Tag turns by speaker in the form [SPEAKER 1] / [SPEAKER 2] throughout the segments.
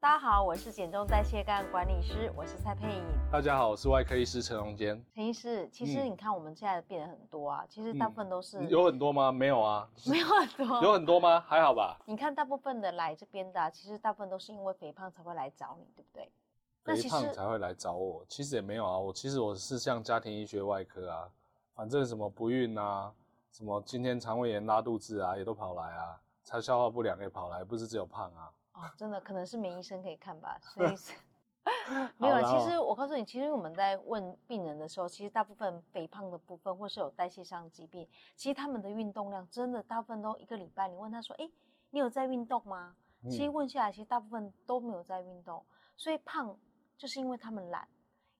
[SPEAKER 1] 大家好，我是減重代謝個管理師，我是蔡沛穎。
[SPEAKER 2] 大家好，我是外科醫師陳榮堅。
[SPEAKER 1] 陳醫師，其實你看我們現在的病人很多啊，其實大部分都是。嗯、有
[SPEAKER 2] 很多嗎？沒有啊。
[SPEAKER 1] 沒有很多。有很
[SPEAKER 2] 多嗎？還好吧。
[SPEAKER 1] 你看大部分的來這邊的、啊，其實大部分都是因為肥胖，才會來找你，對不對？肥胖才
[SPEAKER 2] 會來找我，其實也沒有啊。我其實我是像家庭醫學外科啊，反正什麼不孕啊，什麼今天腸胃炎拉肚子啊，也都跑來啊，才消化不良也跑來，不是只有胖啊。
[SPEAKER 1] 哦、真的可能是沒醫生可以看吧，所以 好沒有了。其實我告訴你，其實我們在問病人的時候，其實大部分肥胖的部分或是有代謝上疾病，其實他們的運動量真的大部分都一個禮拜。你問他說：“哎，你有在運動嗎？”嗯、其實問下來，其實大部分都沒有在運動。所以胖就是因為他們懶，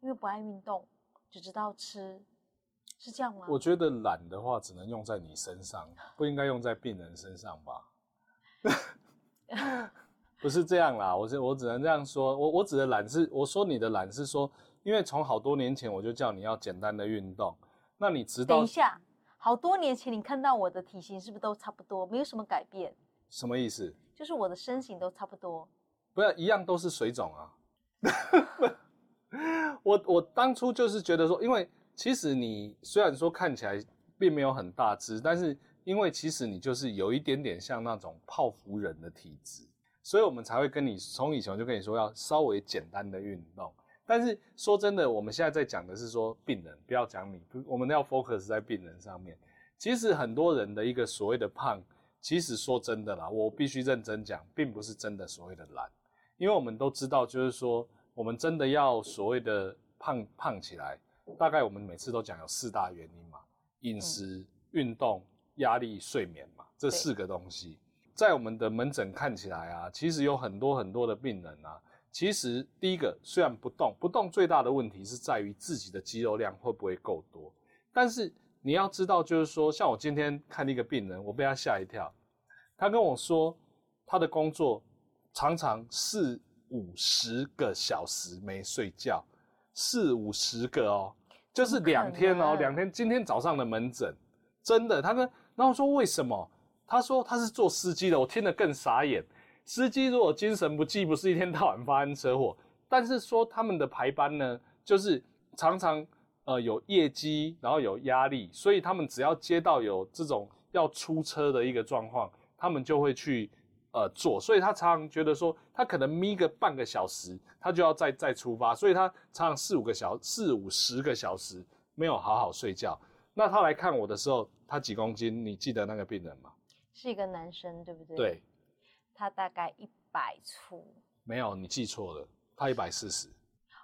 [SPEAKER 1] 因為不愛運動，只知道吃，是這樣嗎？我
[SPEAKER 2] 覺得懶的話只能用在你身上，不應該用在病人身上吧。 不是這樣啦，我我只能這樣說，我我指的懶是，我說你的懶是說，因為從好多年前我就叫你要簡單的運動，那你知道。等一下，
[SPEAKER 1] 好多年前你看到我的體型是不是都差不多，沒有什麼改變？
[SPEAKER 2] 什麼意思？
[SPEAKER 1] 就是我的身形都差不多，
[SPEAKER 2] 不要一樣都是水腫啊！ 我我當初就是覺得說，因為其實你雖然說看起來並沒有很大只，但是因為其實你就是有一點點像那種泡芙人的體質。所以我們才會跟你從以前我就跟你說要稍微簡單的運動，但是說真的，我們現在在講的是說病人，不要講你，我們要 focus 在病人上面。其實很多人的一個所謂的胖，其實說真的啦，我必須認真講，並不是真的所謂的懶，因為我們都知道，就是說我們真的要所謂的胖胖起來，大概我們每次都講有四大原因嘛，飲食、嗯、運動、壓力、睡眠嘛，這四個東西。在我們的門診看起來啊，其實有很多很多的病人啊。其實第一個雖然不動，不動最大的問題是在於自己的肌肉量會不會夠多。但是你要知道，就是說，像我今天看一個病人，我被他嚇一跳。他跟我說，他的工作常常四五十個小時沒睡覺，四五十個哦，就是兩天哦，兩天。今天早上的門診，真的，他跟然後說，為什麼？他說他是做司機的，我聽得更傻眼。司機如果精神不濟，不是一天到晚發生車禍。但是說他們的排班呢，就是常常呃有夜機，然後有壓力，所以他們只要接到有這種要出車的一個狀況，他們就會去呃做。所以他常常覺得說，他可能眯個半個小時，他就要再再出發，所以他常常四五個小四五十個小時沒有好好睡覺。那他來看我的時候，他幾公斤？你記得那個病人嗎？
[SPEAKER 1] 是一個男生，對不對？
[SPEAKER 2] 對，
[SPEAKER 1] 他大概一百出。
[SPEAKER 2] 沒有，你記錯了，他一百四十。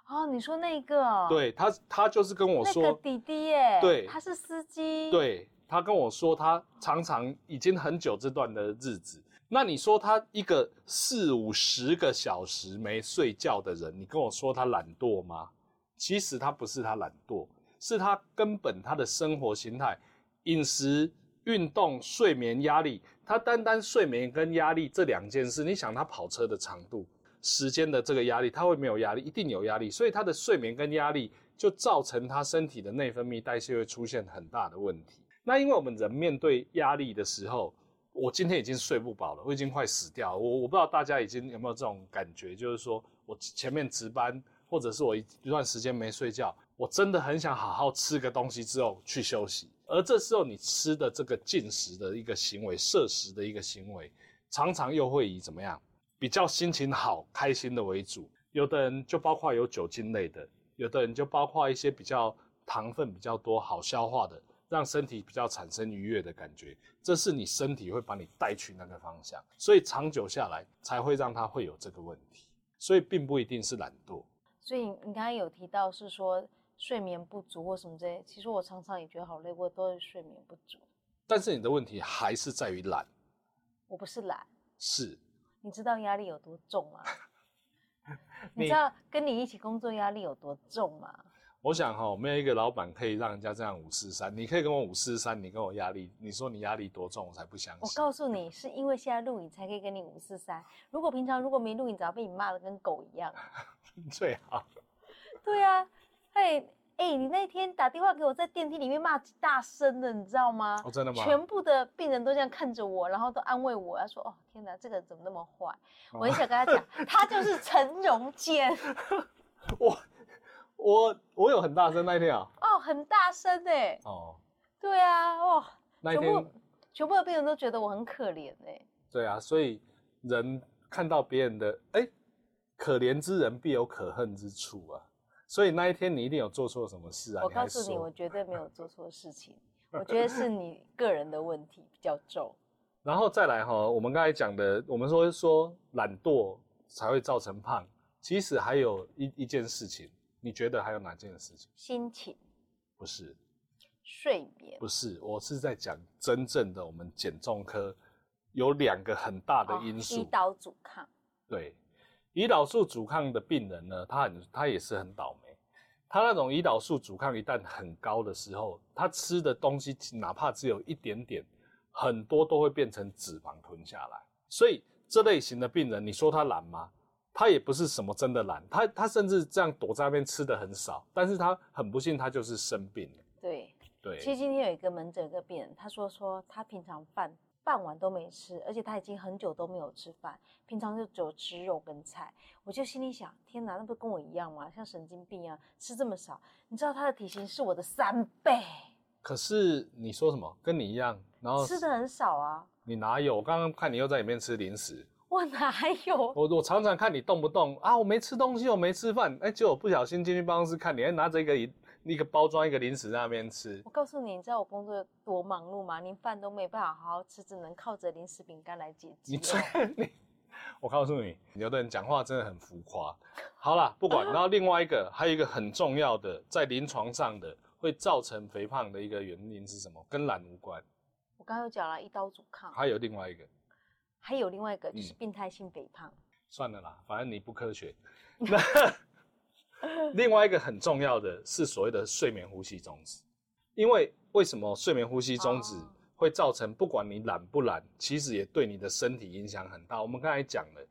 [SPEAKER 1] 哦，你說那一個？對，
[SPEAKER 2] 他他就是跟我說。那個弟
[SPEAKER 1] 弟耶。對。他是司機。對，
[SPEAKER 2] 他跟我說，他常常已經很久這段的日子。那你說他一個四五十個小時沒睡覺的人，你跟我說他懶惰嗎？其實他不是他懶惰，是他根本他的生活形態、飲食。運動、睡眠、壓力，它單單睡眠跟壓力這兩件事，你想它跑車的長度、時間的這個壓力，它會沒有壓力？一定有壓力，所以他的睡眠跟壓力就造成他身體的內分泌代謝會出現很大的問題。那因為我們人面對壓力的時候，我今天已經睡不飽了，我已經快死掉了。我我不知道大家已經有沒有這種感覺，就是說我前面值班，或者是我一段時間沒睡覺，我真的很想好好吃個東西之後去休息。而這時候你吃的這個進食的一個行為，攝食的一個行為，常常又會以怎麼樣比較心情好、開心的為主。有的人就包括有酒精類的，有的人就包括一些比較糖分比較多、好消化的，讓身體比較產生愉悅的感覺。這是你身體會把你帶去那個方向，所以長久下來才會讓他會有這個問題。所以並不一定是懶惰。
[SPEAKER 1] 所以你剛才有提到是說。睡眠不足或什麼這些，其實我常常也覺得好累過，我都是睡眠不足。
[SPEAKER 2] 但是你的問題還是在於懶。
[SPEAKER 1] 我不是懶。是。你知道壓力有多重嗎？
[SPEAKER 2] 你，你知道
[SPEAKER 1] 跟你一起工作壓力有多重嗎？
[SPEAKER 2] 我想哈、哦，我沒有一個老闆可以讓人家這樣五四三。你可以跟我五四三，你跟我壓力，你說你壓力多重，我才不
[SPEAKER 1] 相信。我告訴你，是因為現在錄影才可以跟你五四三。如果平常如果沒錄影，早被你罵的跟狗一樣。
[SPEAKER 2] 最好。
[SPEAKER 1] 對啊。哎哎、欸欸，你那天打電話給我，在電梯裡面罵大聲的，你知道嗎？哦、真的嗎？全部的病人都這樣看着我，然後都安慰我，他說：“哦，天哪，這個怎麼那麼壞？”哦、我很想跟他講， 他就是陳榮堅。我
[SPEAKER 2] 我我有很大聲那一天、哦欸
[SPEAKER 1] 哦、啊！哦，很大聲哎！哦，對啊，哇，
[SPEAKER 2] 那一天，
[SPEAKER 1] 全部的病人都覺得我很可憐哎、欸。
[SPEAKER 2] 對啊，所以人看到別人的哎、欸，可憐之人必有可恨之處啊。所以那一天你一定有做錯什麼事啊？我告訴你，你我
[SPEAKER 1] 絕對沒有做錯事情， 我覺得是你個人的問題比較重。
[SPEAKER 2] 然後再來哈，我們剛才講的，我們說說懶惰才會造成胖，其實還有一一件事情，你覺得還有哪件事情？
[SPEAKER 1] 心情？不是，睡眠？不
[SPEAKER 2] 是，我是在講真正的我們減重科有兩個很大的因素，胰
[SPEAKER 1] 島、哦、阻抗。
[SPEAKER 2] 對，胰島素阻抗的病人呢，他很他也是很倒霉。他那種胰島素阻抗一旦很高的時候，他吃的東西哪怕只有一點點，很多都會變成脂肪囤下來。所以這類型的病人，你說他懶嗎？他也不是什麼真的懶，他他甚至這樣躲在那邊吃得很少，但是他很不幸，他就是
[SPEAKER 1] 生病了。對對。對，其實今天有一個門診一個病人，他說說他平常犯。半碗都沒吃，而且他已經很久都沒有吃飯，平常就只有吃肉跟菜。我就心裡想，天哪，那不是跟我一樣嗎？像神經病一樣吃這麼少。你知道他的體型是我的三倍。
[SPEAKER 2] 可是你說什麼跟你一樣，然後吃得很少啊。你哪有？我剛剛看你又在裡面吃零食。
[SPEAKER 1] 我哪有？
[SPEAKER 2] 我我常常看你動不動啊，我沒吃東西，我沒吃飯。哎，結果不小心進去辦公室看，你還拿着一個。一個包裝，一個零食在那邊吃。我
[SPEAKER 1] 告訴你，你知道我工作多忙碌嗎？連飯都沒辦法好好吃，只能靠着零食餅乾來解
[SPEAKER 2] 決。喔，我告訴你，有的人講話真的很浮誇。好啦，不管。呃、然後另外一個，還有一個很重要的，在臨床上的會造成肥胖的一個原因是什麼？跟懶無關。
[SPEAKER 1] 我剛剛有講了胰島素阻抗。
[SPEAKER 2] 還有另外一個，
[SPEAKER 1] 還有另外一個、嗯、就是病態性肥胖。
[SPEAKER 2] 算了啦，反正你不科學。那。 另外一個很重要的是所謂的睡眠呼吸中止，因為為什麼睡眠呼吸中止會造成不管你懶不懶，其實也對你的身體影響很大。我們剛才講了，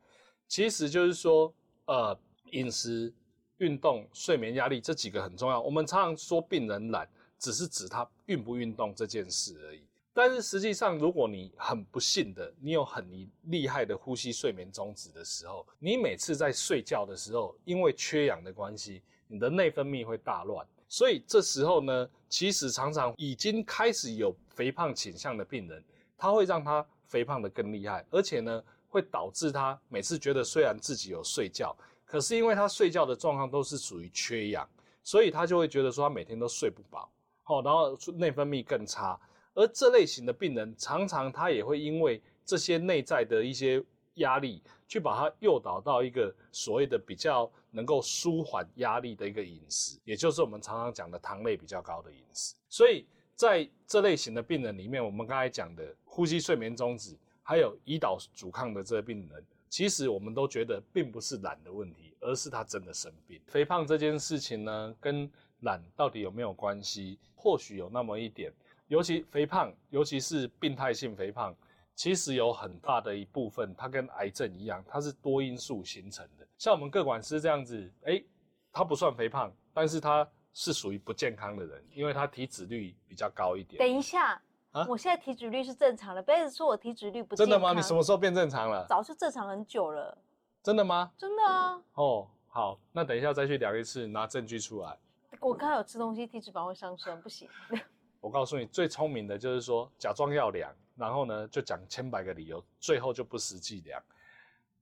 [SPEAKER 2] 其實就是說，呃，飲食、運動、睡眠、壓力這幾個很重要。我們常常說病人懶，只是指他運不運動這件事而已。但是實際上，如果你很不幸的，你有很厲害的呼吸睡眠中止的時候，你每次在睡覺的時候，因為缺氧的關係，你的內分泌會大亂。所以這時候呢，其實常常已經開始有肥胖傾向的病人，他會讓他肥胖得更厲害，而且呢，會導致他每次覺得雖然自己有睡覺，可是因為他睡覺的狀況都是屬於缺氧，所以他就會覺得說他每天都睡不飽，好，然後內分泌更差。而這類型的病人，常常他也會因為這些內在的一些壓力，去把他誘導到一個所謂的比較能夠舒緩壓力的一個飲食，也就是我們常常講的糖類比較高的飲食。所以在這類型的病人裡面，我們剛才講的呼吸睡眠中止，還有胰島阻抗的這些病人，其實我們都覺得並不是懶的問題，而是他真的生病。肥胖這件事情呢，跟懶到底有沒有關係？或許有那麼一點。尤其肥胖，尤其是病態性肥胖，其實有很大的一部分，它跟癌症一樣，它是多因素形成的。像我們個管師這樣子，哎、欸，他不算肥胖，但是他是屬於不健康的人，因為他體脂率比較高一點。等一
[SPEAKER 1] 下，啊、我現在體脂率是正常的，被子說我體脂率不正常。真的嗎？你什麼
[SPEAKER 2] 時候變正常了？
[SPEAKER 1] 早就正常很久了。真的嗎？真的啊。
[SPEAKER 2] 哦，好，那等一下再去量一次，拿證據出來。
[SPEAKER 1] 我剛有吃東西，體脂肪會上升，不行。
[SPEAKER 2] 我告訴你，最聰明的就是說假裝要量，然後呢，就講千百個理由，最後就不實際量。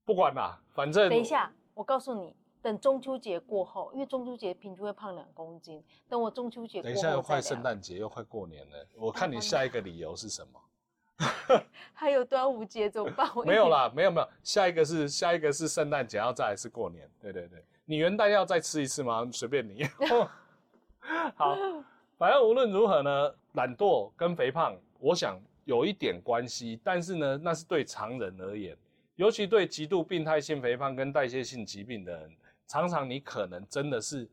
[SPEAKER 2] 不管啦，反正等一下，
[SPEAKER 1] 我告訴你，等中秋節過後，因為中秋節平均會胖兩公斤。等我中秋節過後，等一下又快聖
[SPEAKER 2] 誕節，又快過年了。我看你下一個理由是什麼？
[SPEAKER 1] 還有端午節怎麼辦？沒有啦，
[SPEAKER 2] 沒有沒有，下一個是下一個是聖誕節，要再來是過年，對對對。你元旦要再吃一次嗎？隨便你。 好。反而、啊，無論如何呢，懶惰跟肥胖，我想有一點關係。但是呢，那是對常人而言，尤其對極度病態性肥胖跟代謝性疾病的人，常常你可能真的是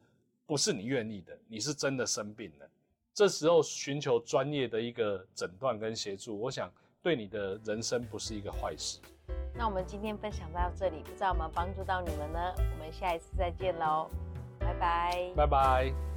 [SPEAKER 2] 不是你願意的，你是真的生病了。這時候尋求專業的一個診斷跟協助，我想對你的人生不是一個壞事。
[SPEAKER 1] 那我們今天分享到這裡，不知道有沒有幫助到你們呢？我們下一次再見嘍，拜拜，
[SPEAKER 2] 拜拜。